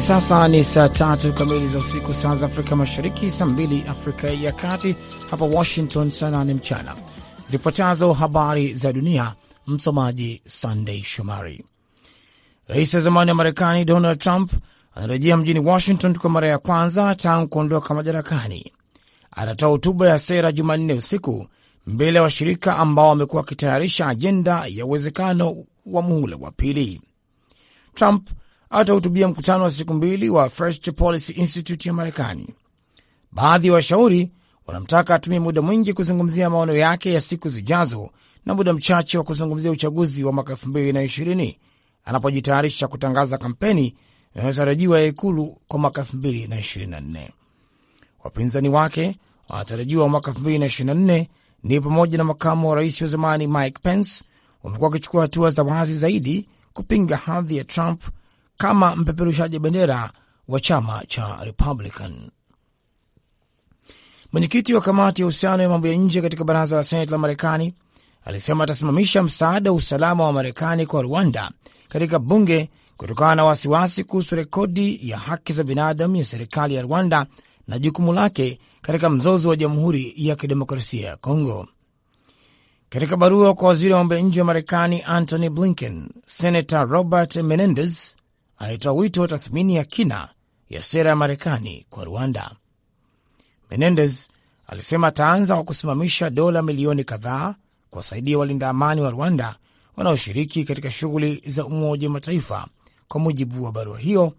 Hivi sasa ni saa tatu kamili za usiku, saa za Afrika Mashariki, saa mbili Afrika ya Kati, hapa Washington saa nane mchana. Zifuatazo habari za dunia, msomaji Sandei Shomari. Rais wa zamani wa Marekani Donald Trump anarejea mjini Washington kwa mara ya kwanza tangu kuondoka madarakani. Atatoa hotuba ya sera Jumanne usiku mbele ya washirika ambao wamekuwa wakitayarisha ajenda ya uwezekano wa muhula wa pili. Trump atahutubia mkutano wa siku mbili wa First Policy Institute ya Marekani. Baadhi ya wa washauri wanamtaka atumie muda mwingi kuzungumzia maono yake ya siku zijazo na muda mchache wa kuzungumzia uchaguzi wa mwaka 2020 anapojitayarisha kutangaza kampeni inayotarajiwa ya ikulu kwa mwaka 2024. Wapinzani wake wanatarajiwa mwaka 2024 ni pamoja na makamu wa rais wa zamani Mike Pence, wamekuwa wakichukua hatua za wazi zaidi kupinga hadhi ya Trump kama mpeperushaji bendera wa chama cha Republican. Mwenyekiti wa kamati ya uhusiano ya mambo ya nje katika baraza la senate la Marekani alisema atasimamisha msaada wa usalama wa Marekani kwa Rwanda katika bunge kutokana na wasiwasi kuhusu rekodi ya haki za binadamu ya serikali ya Rwanda na jukumu lake katika mzozo wa Jamhuri ya Kidemokrasia ya Kongo. Katika barua kwa waziri wa mambo ya nje wa Marekani Antony Blinken, Senator Robert Menendez alitoa wito wa tathmini ya kina ya sera ya Marekani kwa Rwanda. Menendez alisema ataanza kwa kusimamisha dola milioni kadhaa kuwasaidia walinda amani wa Rwanda wanaoshiriki katika shughuli za Umoja wa Mataifa, kwa mujibu wa barua hiyo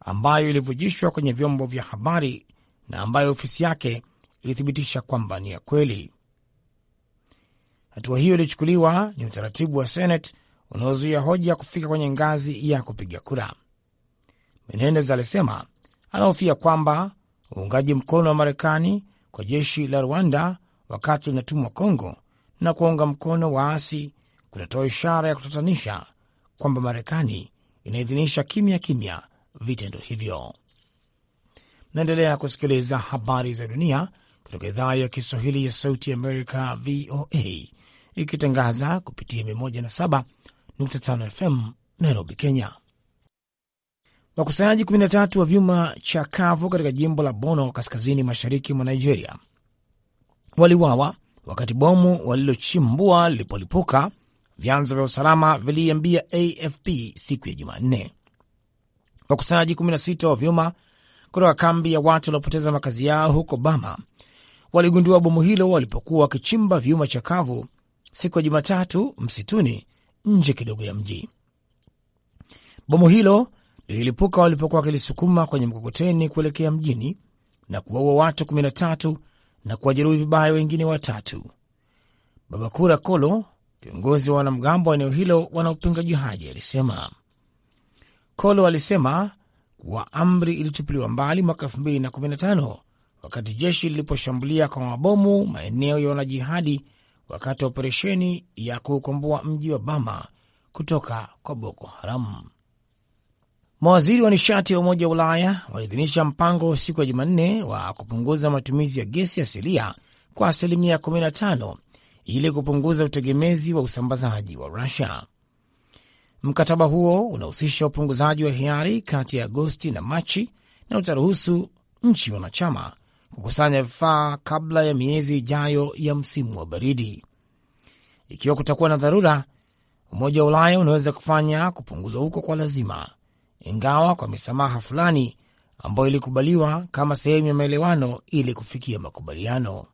ambayo ilivujishwa kwenye vyombo vya habari na ambayo ofisi yake ilithibitisha kwamba ni ya kweli. Hatua hiyo ilichukuliwa ni utaratibu wa Senate unaozuia hoja kufika kwenye ngazi ya kupiga kura. Menendez alisema anahofia kwamba uungaji mkono wa Marekani kwa jeshi la Rwanda wakati linatumwa Kongo na kuwaunga mkono waasi kutatoa ishara ya kutatanisha kwamba Marekani inaidhinisha kimya kimya vitendo hivyo. Naendelea kusikiliza habari za dunia kutoka idhaa ya Kiswahili ya Sauti Amerika, VOA, ikitangaza kupitia 107.5 FM Nairobi, Kenya. Wakusanyaji 13 wa vyuma cha kavu katika jimbo la Bono kaskazini mashariki mwa Nigeria waliwawa wakati bomu walilochimbua lilipolipuka, vyanzo vya usalama viliiambia AFP siku ya Jumanne. Wakusanyaji 16 wa vyuma kutoka kambi ya watu waliopoteza makazi yao huko Bama waligundua bomu hilo walipokuwa wakichimba vyuma chakavu siku ya Jumatatu msituni nje kidogo ya mji. Bomu hilo lilipuka walipokuwa wakilisukuma kwenye mkokoteni kuelekea mjini na kuwaua watu 13 na kuwajeruhi vibaya wengine watatu. Babakura Kolo, kiongozi wa wanamgambo wa eneo hilo wanaopinga jihadi, alisema. Kolo alisema kuwa amri ilitupiliwa mbali mwaka 2015 wakati jeshi liliposhambulia kwa mabomu maeneo ya wanajihadi wakati wa operesheni ya kuukomboa mji wa Bama kutoka kwa Boko Haram. Mawaziri wa nishati wa Umoja wa Ulaya waliidhinisha mpango siku ya Jumanne wa kupunguza matumizi ya gesi asilia kwa asilimia 15 ili kupunguza utegemezi wa usambazaji wa Rusia. Mkataba huo unahusisha upunguzaji wa hiari kati ya Agosti na Machi na utaruhusu nchi wanachama kukusanya vifaa kabla ya miezi ijayo ya msimu wa baridi. Ikiwa kutakuwa na dharura, Umoja wa Ulaya unaweza kufanya kupunguzwa huko kwa lazima ingawa kwa misamaha fulani ambayo ilikubaliwa kama sehemu ya maelewano ili kufikia makubaliano.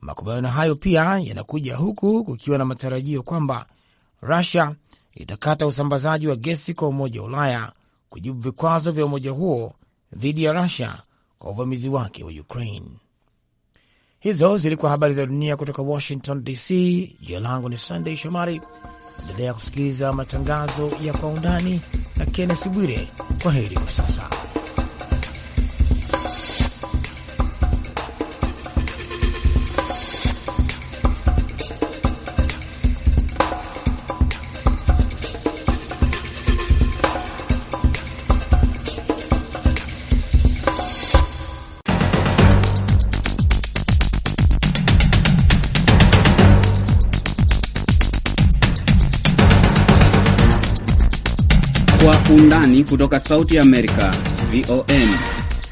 Makubaliano hayo pia yanakuja huku kukiwa na matarajio kwamba Rusia itakata usambazaji wa gesi kwa Umoja wa Ulaya kujibu vikwazo vya umoja huo dhidi ya Rusia kwa uvamizi wake wa Ukraine. Hizo zilikuwa habari za dunia kutoka Washington DC. Jina langu ni Sandey Shomari. Endelea kusikiliza matangazo ya Kwa Undani na Kennes Bwire. Kwa heri kwa sasa. kutoka Sauti Amerika VON.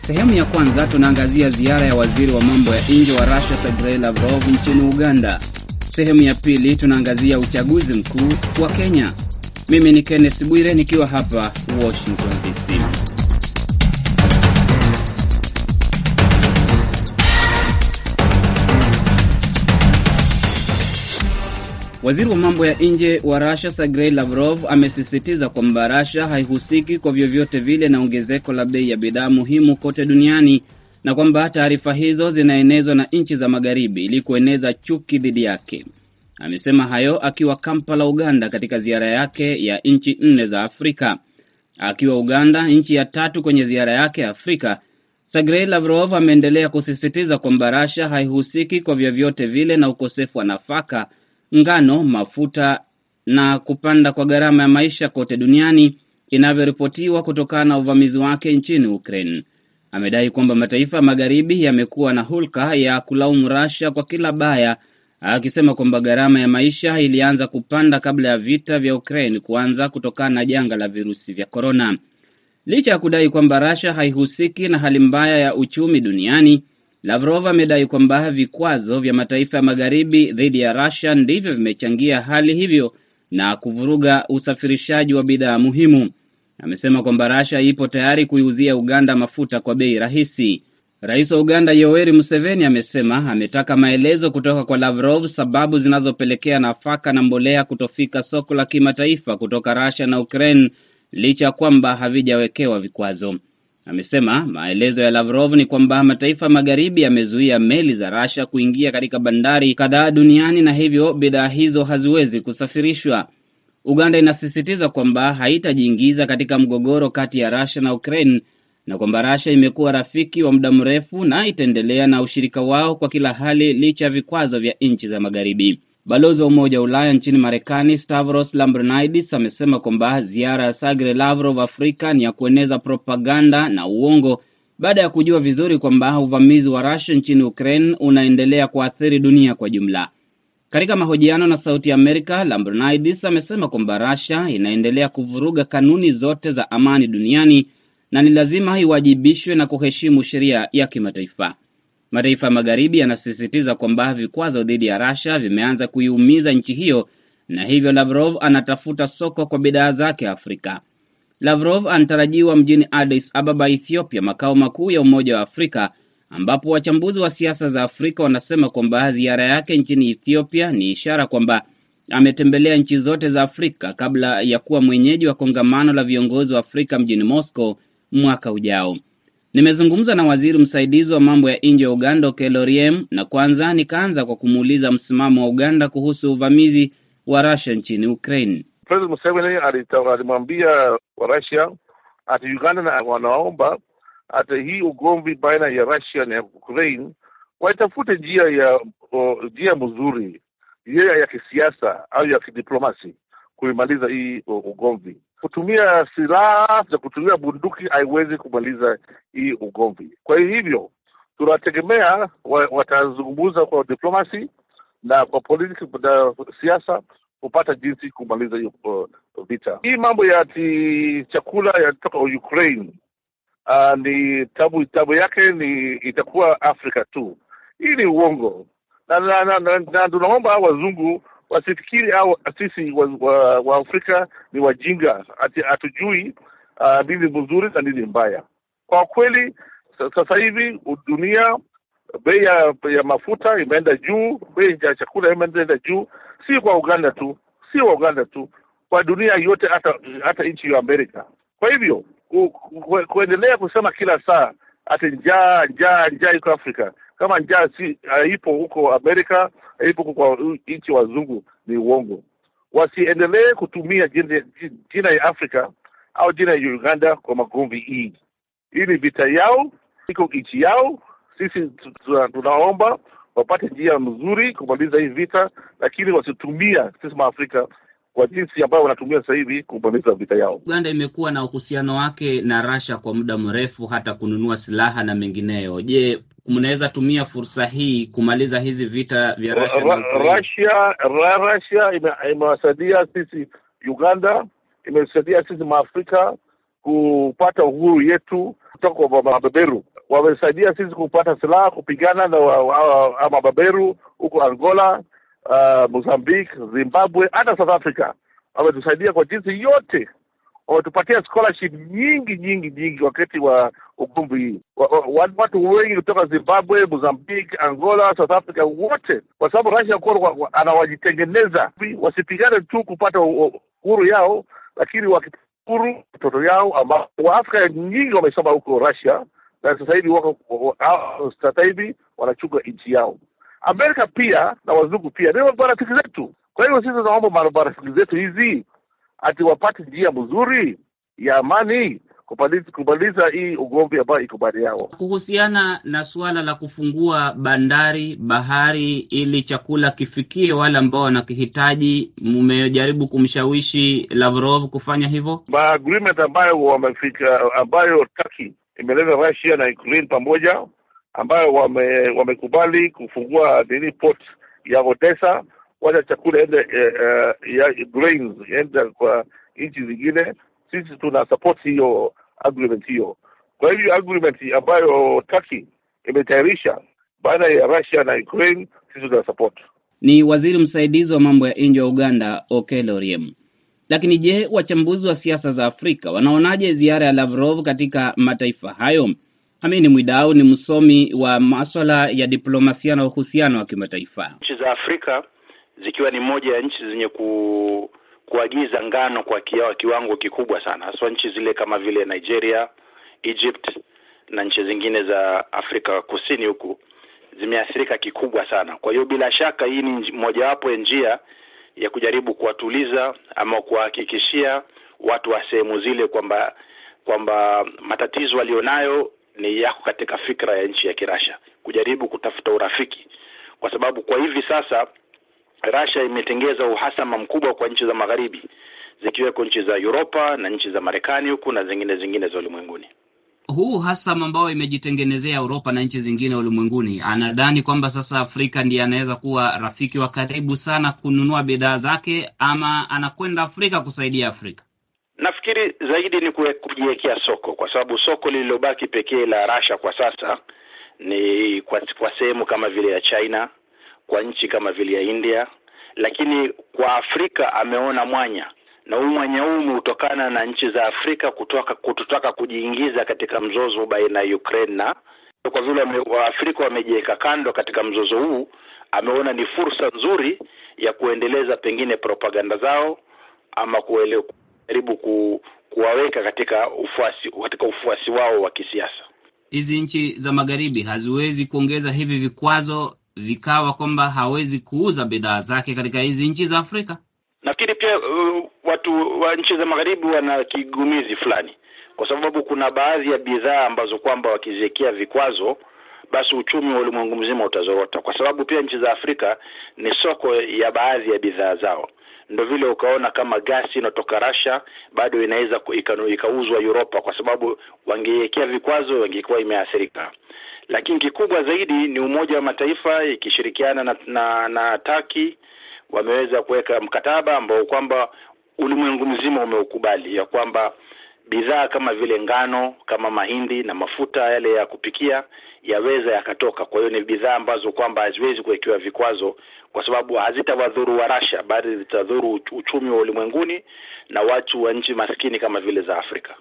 Sehemu ya kwanza tunaangazia ziara ya waziri wa mambo ya nje wa Russia Sergei Lavrov nchini Uganda. Sehemu ya pili tunaangazia uchaguzi mkuu wa Kenya. Mimi ni Kenneth Bwire nikiwa hapa Washington DC. Waziri wa mambo ya nje wa rasha Sergei Lavrov amesisitiza kwamba rasha haihusiki kwa vyovyote vile na ongezeko la bei ya bidhaa muhimu kote duniani na kwamba taarifa hizo zinaenezwa na nchi za magharibi ili kueneza chuki dhidi yake. Amesema hayo akiwa Kampala, Uganda, katika ziara yake ya nchi nne za Afrika. Akiwa Uganda, nchi ya tatu kwenye ziara yake Afrika, Sergei Lavrov ameendelea kusisitiza kwamba rasha haihusiki kwa vyovyote vile na ukosefu wa nafaka ngano, mafuta na kupanda kwa gharama ya maisha kote duniani inavyoripotiwa kutokana na uvamizi wake nchini Ukraine. Amedai kwamba mataifa ya magharibi yamekuwa na hulka ya kulaumu Russia kwa kila baya, akisema kwamba gharama ya maisha ilianza kupanda kabla ya vita vya Ukraine kuanza kutokana na janga la virusi vya korona. Licha ya kudai kwamba Russia haihusiki na hali mbaya ya uchumi duniani, Lavrov amedai kwamba vikwazo vya mataifa ya magharibi dhidi ya Russia ndivyo vimechangia hali hivyo na kuvuruga usafirishaji wa bidhaa muhimu. Amesema kwamba rasha ipo tayari kuiuzia Uganda mafuta kwa bei rahisi. Rais wa Uganda Yoweri Museveni amesema ametaka maelezo kutoka kwa Lavrov sababu zinazopelekea nafaka na mbolea kutofika soko la kimataifa kutoka rasha na Ukraine licha ya kwamba havijawekewa vikwazo. Amesema maelezo ya Lavrov ni kwamba mataifa magharibi yamezuia meli za Rasha kuingia katika bandari kadhaa duniani na hivyo bidhaa hizo haziwezi kusafirishwa. Uganda inasisitiza kwamba haitajiingiza katika mgogoro kati ya Rasha na Ukraine na kwamba Rasha imekuwa rafiki wa muda mrefu na itaendelea na ushirika wao kwa kila hali licha ya vikwazo vya nchi za magharibi. Balozi wa Umoja wa Ulaya nchini Marekani Stavros Lambrinidis amesema kwamba ziara ya Sagre Lavrov Afrika ni ya kueneza propaganda na uongo baada ya kujua vizuri kwamba uvamizi wa Russia nchini Ukraine unaendelea kuathiri dunia kwa jumla. Katika mahojiano na Sauti ya Amerika, Lambrinidis amesema kwamba Russia inaendelea kuvuruga kanuni zote za amani duniani na ni lazima iwajibishwe na kuheshimu sheria ya kimataifa. Mataifa ya Magharibi yanasisitiza kwamba vikwazo dhidi ya Russia vimeanza kuiumiza nchi hiyo na hivyo Lavrov anatafuta soko kwa bidhaa zake Afrika. Lavrov anatarajiwa mjini Addis Ababa, Ethiopia, makao makuu ya Umoja wa Afrika, ambapo wachambuzi wa siasa za Afrika wanasema kwamba ziara yake nchini Ethiopia ni ishara kwamba ametembelea nchi zote za Afrika kabla ya kuwa mwenyeji wa kongamano la viongozi wa Afrika mjini Moscow mwaka ujao. Nimezungumza na waziri msaidizi wa mambo ya nje ya Uganda, Keloriem, na kwanza nikaanza kwa kumuuliza msimamo wa Uganda kuhusu uvamizi wa Russia nchini Ukraine. President Museveni alimwambia Warusia ati Uganda na wanaomba ati hii ugomvi baina ya Russia na Ukraine waitafute njia ya o, njia mzuri yeye ya kisiasa au ya kidiplomasi kuimaliza hii ugomvi. Kutumia silaha za kutumia bunduki haiwezi kumaliza hii ugomvi. Kwa hivyo tunategemea watazungumza kwa diplomasi na kwa politiki na siasa kupata jinsi kumaliza hiyo vita. Hii mambo ya ati chakula yatoka Ukraine uh, ni tabu tabu yake ni itakuwa Afrika tu. Hii ni uongo na, na, na, na, na tunaomba wazungu wasifikiri au sisi wa, wa, wa Afrika ni wajinga ati hatujui uh, nini mzuri na nini mbaya. Kwa kweli sasa hivi dunia bei ya, ya mafuta imeenda juu, bei ya chakula imeenda juu, si kwa Uganda tu, si kwa Uganda tu, kwa dunia yote, hata hata nchi ya Amerika. Kwa hivyo ku, ku, kuendelea kusema kila saa ati njaa njaa njaa iko Afrika kama njaa si, uh, huko Amerika ipo kwa nchi wazungu ni uongo. Wasiendelee kutumia jina, jina ya Afrika au jina ya Uganda kwa magomvi. Hii hii ni vita yao, iko nchi yao. Sisi tunaomba wapate njia mzuri kumaliza hii vita, lakini wasitumia sisi maafrika kwa jinsi ambayo wanatumia sasa hivi kumaliza vita yao. Uganda imekuwa na uhusiano wake na Russia kwa muda mrefu, hata kununua silaha na mengineyo. Je, mnaweza tumia fursa hii kumaliza hizi vita vya Russia ra, Russia, ra, Russia imewasaidia sisi Uganda, imesaidia sisi Maafrika kupata uhuru yetu kutoka kwa mababeru Wamesaidia sisi kupata silaha kupigana na mababeru huko Angola uh, Mozambique, Zimbabwe, hata South Africa. Wametusaidia kwa jinsi yote, wametupatia scholarship nyingi nyingi nyingi wakati wa ukumbi hii. Wa, wa, watu wengi kutoka Zimbabwe, Mozambique, Angola, South Africa wote, kwa sababu Russia kwa anawajitengeneza wasipigane tu kupata uhuru yao, lakini wakihuru watoto yao ambao Waafrika nyingi wamesoma huko Russia na sasa hivi wako sasa hivi wanachunga nchi yao. Amerika pia na wazungu pia ni marafiki zetu. Kwa hiyo sisi tunaomba marafiki zetu hizi ati wapate njia mzuri ya amani kumaliza hii ugomvi ambayo iko baina yao. Kuhusiana na suala la kufungua bandari bahari ili chakula kifikie wale ambao wanakihitaji, mmejaribu kumshawishi Lavrov kufanya hivyo? Maagreement ambayo wamefika, ambayo Turkey imeleta Russia na Ukraine pamoja ambayo wame, wamekubali kufungua nini port ya Odessa, wacha chakula ende eh, eh, ya grains ende kwa nchi zingine. Sisi tuna support hiyo agreement hiyo. Kwa hivyo agreement ambayo Turkey imetayarisha baada ya Russia na Ukraine, sisi tuna support. Ni waziri msaidizi wa mambo ya nje wa Uganda Okello Oryem. Lakini je, wachambuzi wa siasa za Afrika wanaonaje ziara ya Lavrov katika mataifa hayo? Amini Mwidau ni msomi wa maswala ya diplomasia na uhusiano wa kimataifa. Nchi za Afrika zikiwa ni moja ya nchi zenye ku, kuagiza ngano kwa kiawa kiwango kikubwa sana haswa so, nchi zile kama vile Nigeria, Egypt na nchi zingine za Afrika Kusini huku zimeathirika kikubwa sana. Kwa hiyo bila shaka hii ni mojawapo ya njia ya kujaribu kuwatuliza ama kuwahakikishia watu wa sehemu zile kwamba kwamba matatizo walionayo ni yako katika fikra ya nchi ya Kirasha kujaribu kutafuta urafiki, kwa sababu kwa hivi sasa Rasha imetengeza uhasama mkubwa kwa nchi za magharibi zikiweko nchi za Uropa na nchi za Marekani huku na zingine zingine za ulimwenguni. Huu uhasama ambao imejitengenezea Uropa na nchi zingine ulimwenguni, anadhani kwamba sasa Afrika ndiye anaweza kuwa rafiki wa karibu sana kununua bidhaa zake, ama anakwenda Afrika kusaidia Afrika. Nafikiri zaidi ni kujiwekea soko, kwa sababu soko lililobaki pekee la Russia kwa sasa ni kwa, kwa sehemu kama vile ya China, kwa nchi kama vile ya India, lakini kwa Afrika ameona mwanya na huu mwanya huu umetokana na nchi za Afrika kutoka kutotaka kujiingiza katika mzozo baina ya Ukraine na kwa vile Waafrika wamejiweka kando katika mzozo huu, ameona ni fursa nzuri ya kuendeleza pengine propaganda zao ama kuelewa kujaribu ku, kuwaweka katika ufuasi katika ufuasi wao wa kisiasa. Hizi nchi za magharibi haziwezi kuongeza hivi vikwazo vikawa kwamba hawezi kuuza bidhaa zake katika hizi nchi za Afrika. Nafikiri pia uh, watu wa nchi za magharibi wana kigumizi fulani, kwa sababu kuna baadhi ya bidhaa ambazo kwamba wakiziwekea vikwazo basi uchumi wa ulimwengu mzima utazorota, kwa sababu pia nchi za Afrika ni soko ya baadhi ya bidhaa zao ndo vile ukaona kama gasi inatoka Russia bado inaweza ikauzwa Europa, kwa sababu wangeiwekea vikwazo wangekuwa imeathirika. Lakini kikubwa zaidi ni Umoja wa Mataifa ikishirikiana na, na, na taki wameweza kuweka mkataba ambao kwamba ulimwengu mzima umeukubali ya kwamba bidhaa kama vile ngano, kama mahindi na mafuta yale ya kupikia yaweza yakatoka. Kwa hiyo ni bidhaa ambazo kwamba haziwezi kuwekewa vikwazo, kwa sababu hazitawadhuru wa Russia, bali zitadhuru uchumi wa ulimwenguni na watu wa nchi maskini kama vile za Afrika.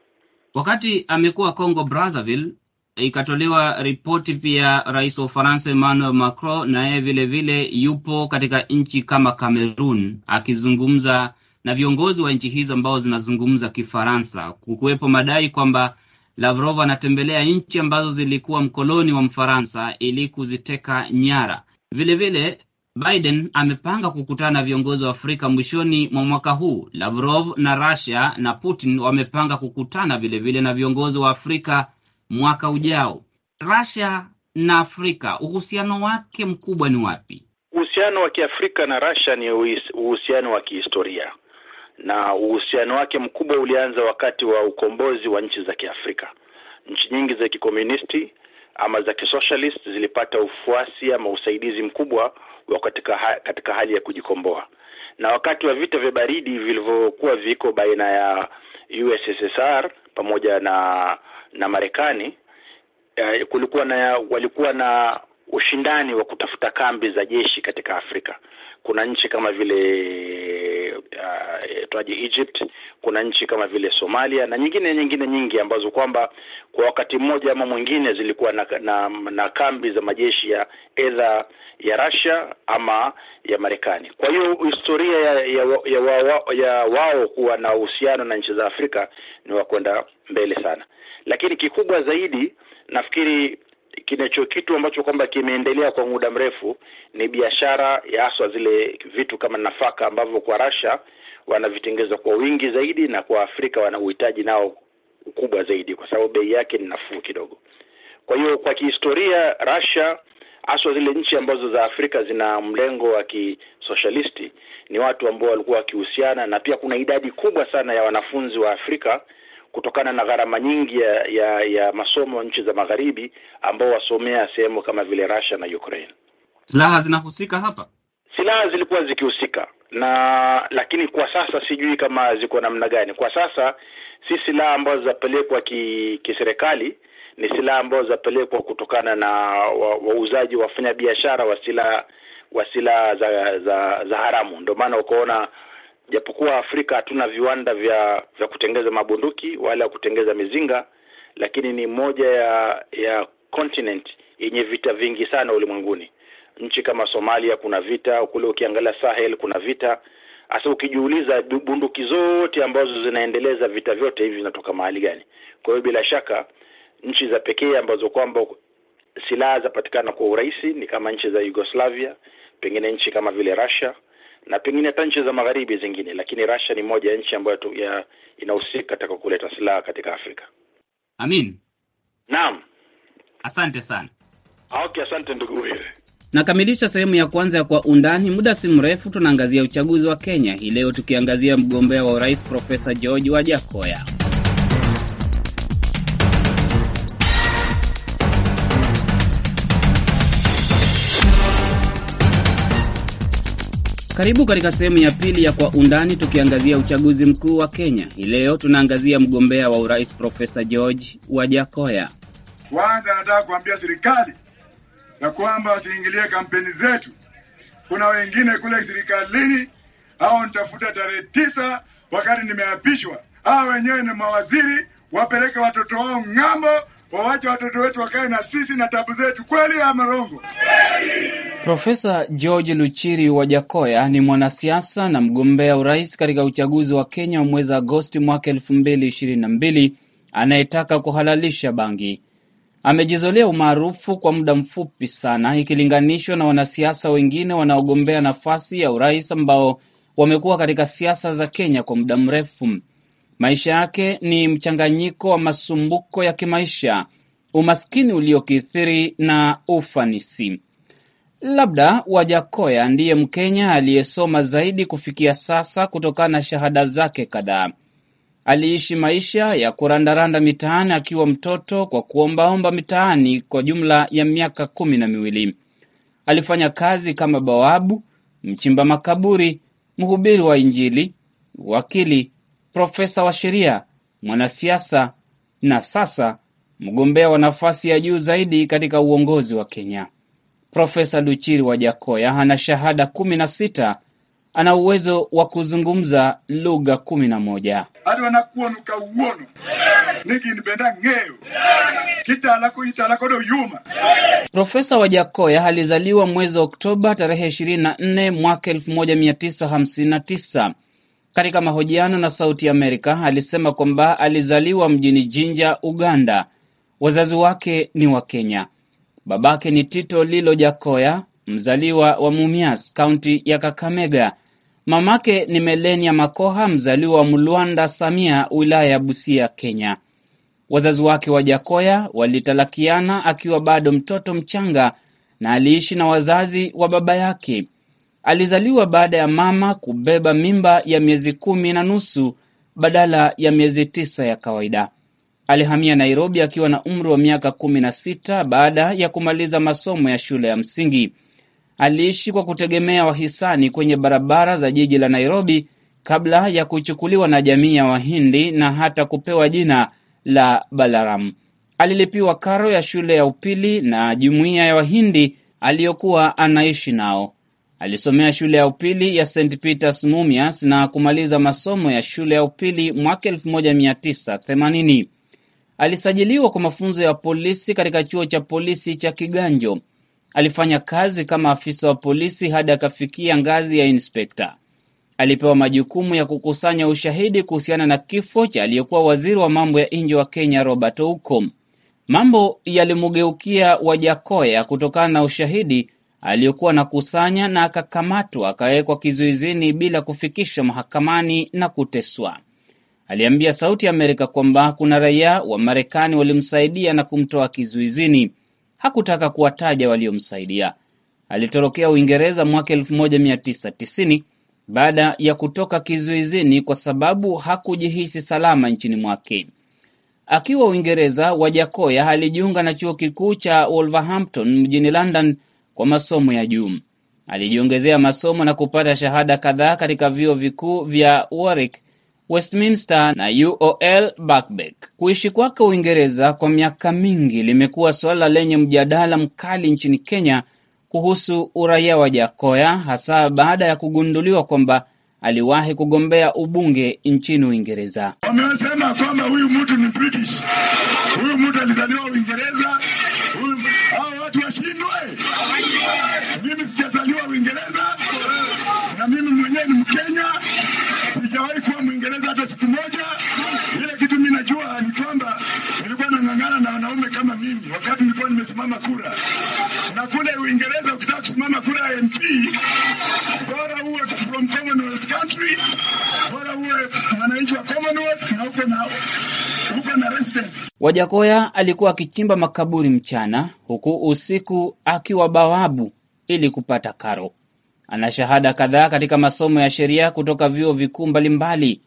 Wakati amekuwa Congo Brazzaville, eh, ikatolewa ripoti pia, rais wa Ufaransa Emmanuel Macron yeye vile vile yupo katika nchi kama Cameroon akizungumza na viongozi wa nchi hizo ambao zinazungumza Kifaransa, kukuwepo madai kwamba Lavrov anatembelea nchi ambazo zilikuwa mkoloni wa Mfaransa ili kuziteka nyara. Vilevile vile, Biden amepanga kukutana na viongozi wa Afrika mwishoni mwa mwaka huu. Lavrov na Russia na Putin wamepanga kukutana vilevile vile na viongozi wa Afrika mwaka ujao. Russia na Afrika, uhusiano wake mkubwa ni wapi? Uhusiano wa Kiafrika na Russia ni uhusiano wa kihistoria na uhusiano wake mkubwa ulianza wakati wa ukombozi wa nchi za Kiafrika. Nchi nyingi za kikomunisti ama za kisocialist zilipata ufuasi ama usaidizi mkubwa wa katika, ha katika hali ya kujikomboa, na wakati wa vita vya baridi vilivyokuwa viko baina ya USSR pamoja na na Marekani eh, kulikuwa na walikuwa na ushindani wa kutafuta kambi za jeshi katika Afrika. Kuna nchi kama vile uh, Egypt, kuna nchi kama vile Somalia na nyingine nyingine nyingi ambazo kwamba kwa wakati mmoja ama mwingine zilikuwa na, na, na kambi za majeshi ya edha ya Russia ama ya Marekani. Kwa hiyo historia ya, ya, ya, wa, ya wao kuwa na uhusiano na nchi za Afrika ni wa kwenda mbele sana, lakini kikubwa zaidi nafikiri kinacho kitu ambacho kwamba kimeendelea kwa muda mrefu ni biashara ya haswa zile vitu kama nafaka ambavyo kwa Russia wanavitengeza kwa wingi zaidi, na kwa Afrika wana uhitaji nao ukubwa zaidi, kwa sababu bei yake ni nafuu kidogo. Kwa hiyo kwa kihistoria, Russia haswa zile nchi ambazo za Afrika zina mlengo wa kisoshalisti ni watu ambao walikuwa wakihusiana, na pia kuna idadi kubwa sana ya wanafunzi wa Afrika kutokana na gharama nyingi ya, ya, ya masomo nchi za magharibi ambao wasomea sehemu kama vile Russia na Ukraine. Silaha zinahusika hapa, silaha zilikuwa zikihusika na lakini kwa sasa sijui kama ziko namna gani. Kwa sasa si silaha ambazo zapelekwa kiserikali ni silaha ambazo zapelekwa kutokana na wauzaji wa, wafanyabiashara wa silaha wa silaha za, za, za haramu. Ndio maana ukaona japokuwa Afrika hatuna viwanda vya vya kutengeza mabunduki wala kutengeza mizinga, lakini ni moja ya ya continent yenye vita vingi sana ulimwenguni. Nchi kama Somalia kuna vita kule, ukiangalia Sahel kuna vita. Hasa ukijiuliza bunduki zote ambazo zinaendeleza vita vyote hivi zinatoka mahali gani? Kwa hiyo bila shaka nchi za pekee ambazo kwamba silaha zapatikana kwa urahisi ni kama nchi za Yugoslavia, pengine nchi kama vile Russia na pengine hata nchi za magharibi zingine, lakini Russia ni moja ya nchi ambayo inahusika katika kuleta silaha katika Afrika. Amin, naam, asante sana. Ah, okay, asante ndugu wewe. Nakamilisha sehemu ya kwanza ya Kwa Undani. Muda si mrefu tunaangazia uchaguzi wa Kenya hii leo, tukiangazia mgombea wa urais Profesa George Wajakoya. Karibu katika sehemu ya pili ya Kwa Undani, tukiangazia uchaguzi mkuu wa Kenya. Hii leo tunaangazia mgombea wa urais Profesa George Wajakoya. Kwanza nataka kuambia serikali ya kwamba wasiingilie kampeni zetu. Kuna wengine kule serikalini au nitafuta tarehe tisa wakati nimeapishwa, hao wenyewe ni mawaziri, wapeleke watoto wao ng'ambo, wawache watoto wetu wakae na sisi na tabu zetu. Kweli ama rongo? Profesa George Luchiri wa jakoya ni mwanasiasa na mgombea urais katika uchaguzi wa Kenya wa mwezi Agosti mwaka elfu mbili ishirini na mbili anayetaka kuhalalisha bangi. Amejizolea umaarufu kwa muda mfupi sana ikilinganishwa na wanasiasa wengine wanaogombea nafasi ya urais ambao wamekuwa katika siasa za Kenya kwa muda mrefu. Maisha yake ni mchanganyiko wa masumbuko ya kimaisha, umaskini uliokithiri na ufanisi. Labda wajakoya ndiye Mkenya aliyesoma zaidi kufikia sasa kutokana na shahada zake kadhaa. Aliishi maisha ya kurandaranda mitaani akiwa mtoto kwa kuombaomba mitaani kwa jumla ya miaka kumi na miwili. Alifanya kazi kama bawabu, mchimba makaburi, mhubiri wa Injili, wakili, profesa wa sheria, mwanasiasa na sasa mgombea wa nafasi ya juu zaidi katika uongozi wa Kenya. Profesa Luchiri Wajakoya ana shahada kumi na sita. Ana uwezo wa kuzungumza lugha kumi na moja. Profesa Wajakoya alizaliwa mwezi wa Oktoba tarehe 24 mwaka 1959. Katika mahojiano na Sauti Amerika alisema kwamba alizaliwa mjini Jinja, Uganda. Wazazi wake ni wa Kenya. Babake ni Tito Lilo Jakoya, mzaliwa wa Mumias, kaunti ya Kakamega. Mamake ni Melenia Makoha, mzaliwa wa Mulwanda Samia, wilaya ya Busia, Kenya. Wazazi wake wa Jakoya walitalakiana akiwa bado mtoto mchanga na aliishi na wazazi wa baba yake. Alizaliwa baada ya mama kubeba mimba ya miezi kumi na nusu badala ya miezi tisa ya kawaida. Alihamia Nairobi akiwa na umri wa miaka kumi na sita baada ya kumaliza masomo ya shule ya msingi. Aliishi kwa kutegemea wahisani kwenye barabara za jiji la Nairobi kabla ya kuchukuliwa na jamii ya Wahindi na hata kupewa jina la Balaram. Alilipiwa karo ya shule ya upili na jumuiya ya Wahindi aliyokuwa anaishi nao. Alisomea shule ya upili ya St Peters Mumias na kumaliza masomo ya shule ya upili mwaka 1980. Alisajiliwa kwa mafunzo ya polisi katika chuo cha polisi cha Kiganjo. Alifanya kazi kama afisa wa polisi hadi akafikia ngazi ya inspekta. Alipewa majukumu ya kukusanya ushahidi kuhusiana na kifo cha aliyekuwa waziri wa mambo ya nje wa Kenya Robert Ouko. Mambo yalimugeukia Wajakoya kutokana na ushahidi aliyokuwa anakusanya, na akakamatwa akawekwa kizuizini bila kufikishwa mahakamani na kuteswa aliambia Sauti ya Amerika kwamba kuna raia wa Marekani walimsaidia na kumtoa kizuizini. Hakutaka kuwataja waliomsaidia. Alitorokea Uingereza mwaka 1990 baada ya kutoka kizuizini kwa sababu hakujihisi salama nchini mwake. Akiwa Uingereza, Wajakoya alijiunga na chuo kikuu cha Wolverhampton mjini London kwa masomo ya juu. Alijiongezea masomo na kupata shahada kadhaa katika vyuo vikuu vya Warwick Westminster na UOL Birkbeck. Kuishi kwake Uingereza kwa miaka mingi limekuwa suala lenye mjadala mkali nchini Kenya kuhusu uraia wa Jakoya, hasa baada ya kugunduliwa kwamba aliwahi kugombea ubunge nchini Uingereza. Wamesema kwamba huyu mtu ni British, huyu mtu alizaliwa Uingereza, hao watu washindwe. Mimi sijazaliwa Uingereza na mimi mwenyewe ni Mkenya sijawahi kuwa Mwingereza hata siku moja. Ile kitu mimi najua ni kwamba nilikuwa nang'ang'ana na wanaume kama mimi wakati nilikuwa nimesimama kura, na kule Uingereza ukitaka kusimama kura ya MP bora uwe from Commonwealth country, bora uwe mwananchi wa Commonwealth na uko na uko na resident. Wajakoya alikuwa akichimba makaburi mchana, huku usiku akiwa bawabu ili kupata karo. Ana shahada kadhaa katika masomo ya sheria kutoka vyuo vikuu mbalimbali.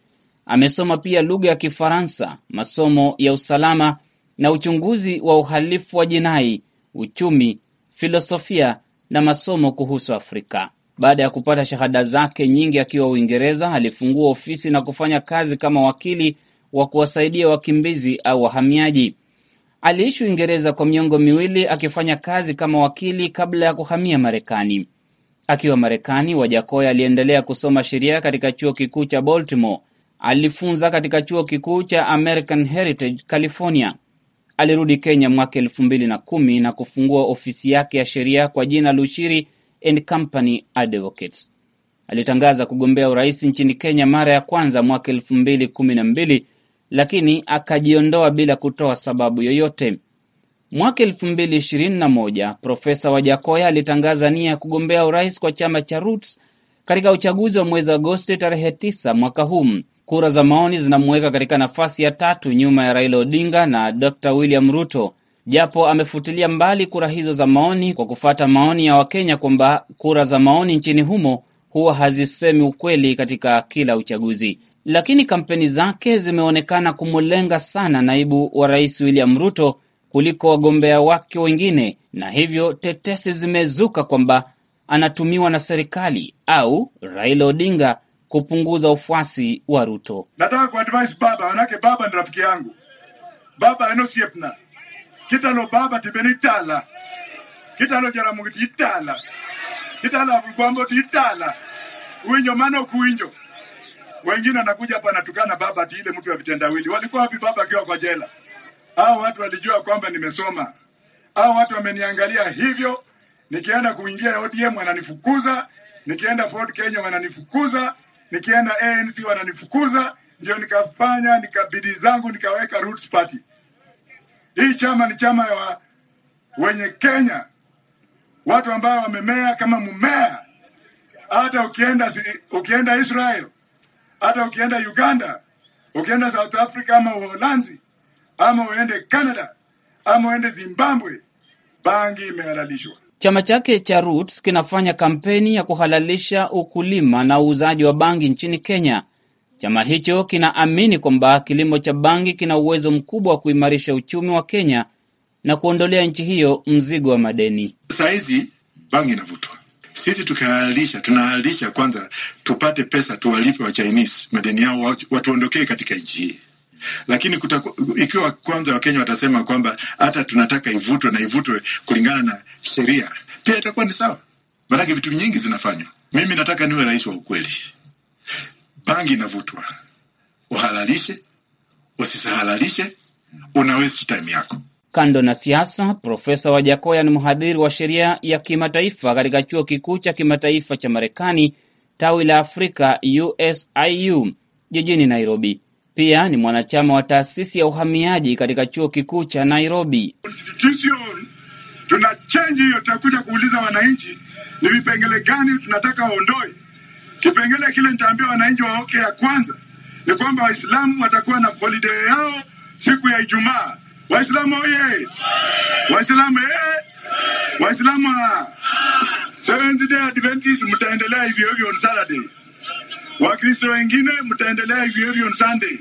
Amesoma pia lugha ya Kifaransa, masomo ya usalama na uchunguzi wa uhalifu wa jinai, uchumi, filosofia na masomo kuhusu Afrika. Baada ya kupata shahada zake nyingi akiwa Uingereza, alifungua ofisi na kufanya kazi kama wakili wa kuwasaidia wakimbizi au wahamiaji. Aliishi Uingereza kwa miongo miwili akifanya kazi kama wakili kabla ya kuhamia Marekani. Akiwa Marekani, wajakoya aliendelea kusoma sheria katika chuo kikuu cha Baltimore. Alifunza katika chuo kikuu cha American Heritage, California. Alirudi Kenya mwaka elfu mbili na kumi na kufungua ofisi yake ya sheria kwa jina Luchiri and Company Advocates. Alitangaza kugombea urais nchini Kenya mara ya kwanza mwaka elfu mbili kumi na mbili lakini akajiondoa bila kutoa sababu yoyote. Mwaka elfu mbili ishirini na moja Profesa wajakoya alitangaza nia ya kugombea urais kwa chama cha Roots katika uchaguzi wa mwezi Agosti tarehe tisa mwaka huu. Kura za maoni zinamuweka katika nafasi ya tatu nyuma ya Raila Odinga na Dr William Ruto, japo amefutilia mbali kura hizo za maoni kwa kufata maoni ya Wakenya kwamba kura za maoni nchini humo huwa hazisemi ukweli katika kila uchaguzi. Lakini kampeni zake zimeonekana kumulenga sana naibu wa rais William Ruto kuliko wagombea wake wengine, na hivyo tetesi zimezuka kwamba anatumiwa na serikali au Raila Odinga kupunguza ufuasi wa Ruto. Nataka kuadvise baba, manake baba ni rafiki yangu, baba enosiepna kitalo baba tibeni tala kitalo jaramugi tala kitalo avukwambo titala winjo mana okuwinjo wengine anakuja hapa anatukana baba ati ile mtu ya vitendawili. Walikuwa wapi baba akiwa kwa jela? Hao watu walijua kwamba nimesoma. Hao watu wameniangalia hivyo, nikienda kuingia ODM wananifukuza, nikienda Ford Kenya wananifukuza, nikienda ANC wananifukuza, ndio nikafanya nikabidi zangu nikaweka Roots Party. Hii chama ni chama ya wenye Kenya, watu ambao wamemea kama mmea. Hata ukienda ukienda Israel, hata ukienda Uganda, ukienda South Africa ama Uholanzi, ama uende Canada ama uende Zimbabwe, bangi imehalalishwa. Chama chake cha Roots kinafanya kampeni ya kuhalalisha ukulima na uuzaji wa bangi nchini Kenya. Chama hicho kinaamini kwamba kilimo cha bangi kina uwezo mkubwa wa kuimarisha uchumi wa Kenya na kuondolea nchi hiyo mzigo wa madeni. Sahizi bangi inavutwa, sisi tukihalalisha, tunahalalisha kwanza tupate pesa, tuwalipe Wachinese madeni yao, watuondokee katika nchi hii lakini kutaku, ikiwa kwanza Wakenya watasema kwamba hata tunataka ivutwe na ivutwe kulingana na sheria, pia itakuwa ni sawa, maanake vitu nyingi zinafanywa. Mimi nataka niwe rais wa ukweli. Bangi inavutwa, uhalalishe usisahalalishe, una waste time yako. Kando na siasa, Profesa Wajakoya ni mhadhiri wa sheria ya kimataifa katika chuo kikuu cha kimataifa cha Marekani tawi la Afrika, USIU jijini Nairobi. Pia ni mwanachama wa taasisi ya uhamiaji katika chuo kikuu cha Nairobi. Constitution tuna chenji hiyo, tutakuja kuuliza wananchi ni vipengele gani tunataka waondoe. Kipengele kile nitaambia wananchi waoke, ya kwanza ni kwamba Waislamu watakuwa na holiday yao siku ya Ijumaa. Waislamu oye! Waislamu ee! Waislamu ah! Seventh Day Adventist mtaendelea hivyo hivyo on Saturday. Wakristo wengine mtaendelea hivyo hivyo Sunday,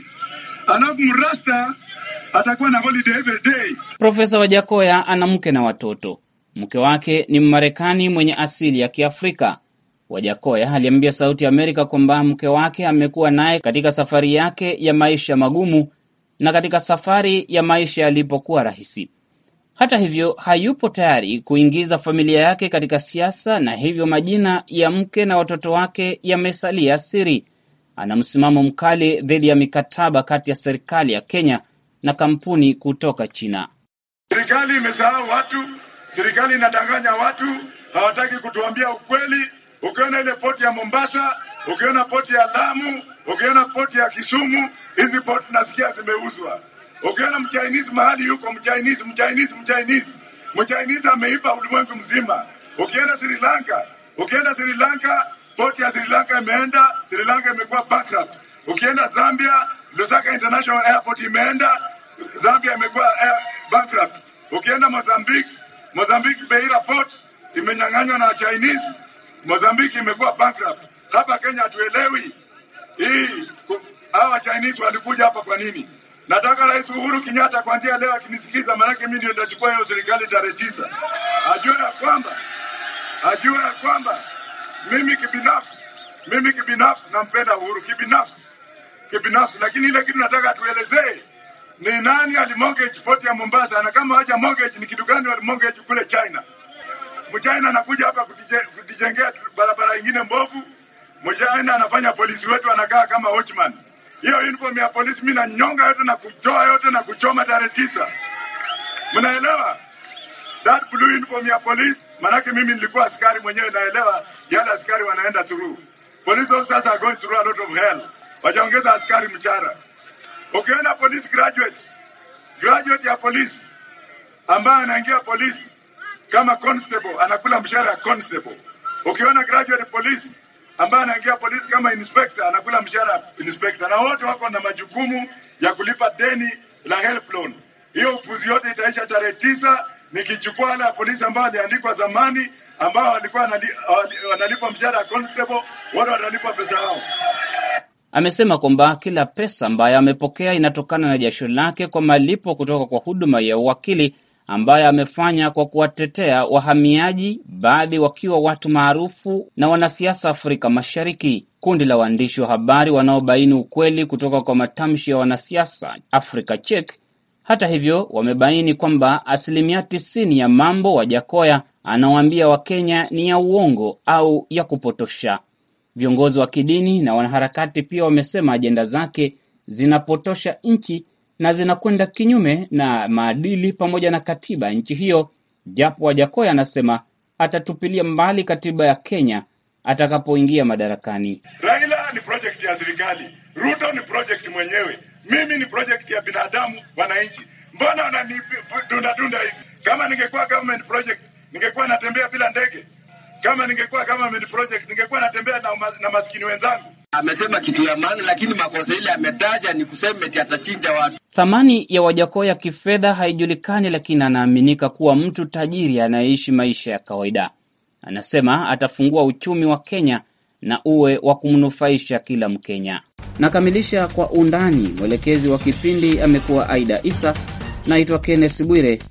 alafu mrasta atakuwa na holiday every day. Profesa Wajakoya ana mke na watoto. Mke wake ni Mmarekani mwenye asili ya Kiafrika. Wajakoya aliambia Sauti ya Amerika kwamba mke wake amekuwa naye katika safari yake ya maisha magumu na katika safari ya maisha yalipokuwa rahisi. Hata hivyo, hayupo tayari kuingiza familia yake katika siasa na hivyo majina ya mke na watoto wake yamesalia siri. Ana msimamo mkali dhidi ya mikataba kati ya serikali ya Kenya na kampuni kutoka China. Serikali imesahau watu, serikali inadanganya watu, hawataki kutuambia ukweli. Ukiona ile poti ya Mombasa, ukiona poti ya Lamu, ukiona poti ya Kisumu, hizi poti nasikia zimeuzwa. Ukiona mchainizi mahali yuko mchainizi, mchainizi, mchainizi, mchainizi ameipa ulimwengu mzima. Ukienda Sri Lanka, ukienda Sri Lanka, poti ya Sri Lanka imeenda, Sri Lanka imekuwa bankrupt. Ukienda Zambia, Lusaka International Airport imeenda, Zambia imekuwa eh, bankrupt. Ukienda Mozambique, Mozambique Beira Port imenyang'anywa na Chinese, Mozambique imekuwa bankrupt. Hapa Kenya hatuelewi hii, hawa Chinese walikuja hapa kwa nini? Nataka Rais Uhuru Kenyatta kuanzia leo akinisikiza, maanake mimi ndio nitachukua hiyo serikali tarehe tisa, ajue ya kwamba ajue ya kwamba mimi kibinafsi mimi kibinafsi nampenda Uhuru kibinafsi kibinafsi, lakini ile kitu nataka tuelezee ni nani alimortgage poti ya Mombasa, na kama haja mortgage ni kitu gani walimortgage kule China. Mchina anakuja hapa kutijengea barabara ingine mbovu. Mchina anafanya polisi wetu anakaa kama watchman hiyo uniform ya polisi, mi nanyonga yote na kujoa yote na kuchoma tarehe tisa. Mnaelewa that blue uniform ya polisi? Maanake mimi nilikuwa askari mwenyewe, naelewa yale askari wanaenda through. Police officers are going through a lot of hell. Wajaongeza askari mchara. Ukiona police graduate, graduate ya polisi ambaye anaingia polisi kama constable anakula mshahara ya constable. Ukiona graduate police ambaye anaingia polisi kama inspector anakula mshahara inspector, na wote wako na majukumu ya kulipa deni la help loan. Hiyo ufuzi yote itaisha tarehe tisa, nikichukua wale ya polisi ambao waliandikwa zamani ambao walikuwa wanalipa mshahara ya constable, wote wanalipa pesa yao. Amesema kwamba kila pesa ambayo amepokea inatokana na jasho lake kwa malipo kutoka kwa huduma ya uwakili ambayo amefanya kwa kuwatetea wahamiaji, baadhi wakiwa watu maarufu na wanasiasa Afrika Mashariki. Kundi la waandishi wa habari wanaobaini ukweli kutoka kwa matamshi ya wanasiasa Africa Check, hata hivyo, wamebaini kwamba asilimia 90 ya mambo Wajakoya anawaambia Wakenya ni ya uongo au ya kupotosha. Viongozi wa kidini na wanaharakati pia wamesema ajenda zake zinapotosha nchi na zinakwenda kinyume na maadili pamoja na katiba ya nchi hiyo, japo Wajakoya anasema atatupilia mbali katiba ya Kenya atakapoingia madarakani. Raila ni projekti ya serikali, Ruto ni projekti mwenyewe, mimi ni projekti ya binadamu, wananchi. Mbona wananidundadunda hivi? Kama ningekuwa government project ningekuwa natembea bila ndege. Kama ningekuwa government project ningekuwa natembea na, na maskini wenzangu amesema kitu ya maana, lakini makosa ile ametaja ni kusema eti atachinja watu. Thamani ya Wajackoya ya kifedha haijulikani, lakini anaaminika kuwa mtu tajiri anayeishi maisha ya kawaida. Anasema atafungua uchumi wa Kenya na uwe wa kumnufaisha kila Mkenya. Nakamilisha kwa undani. Mwelekezi wa kipindi amekuwa Aida Isa. Naitwa Kenneth Bwire.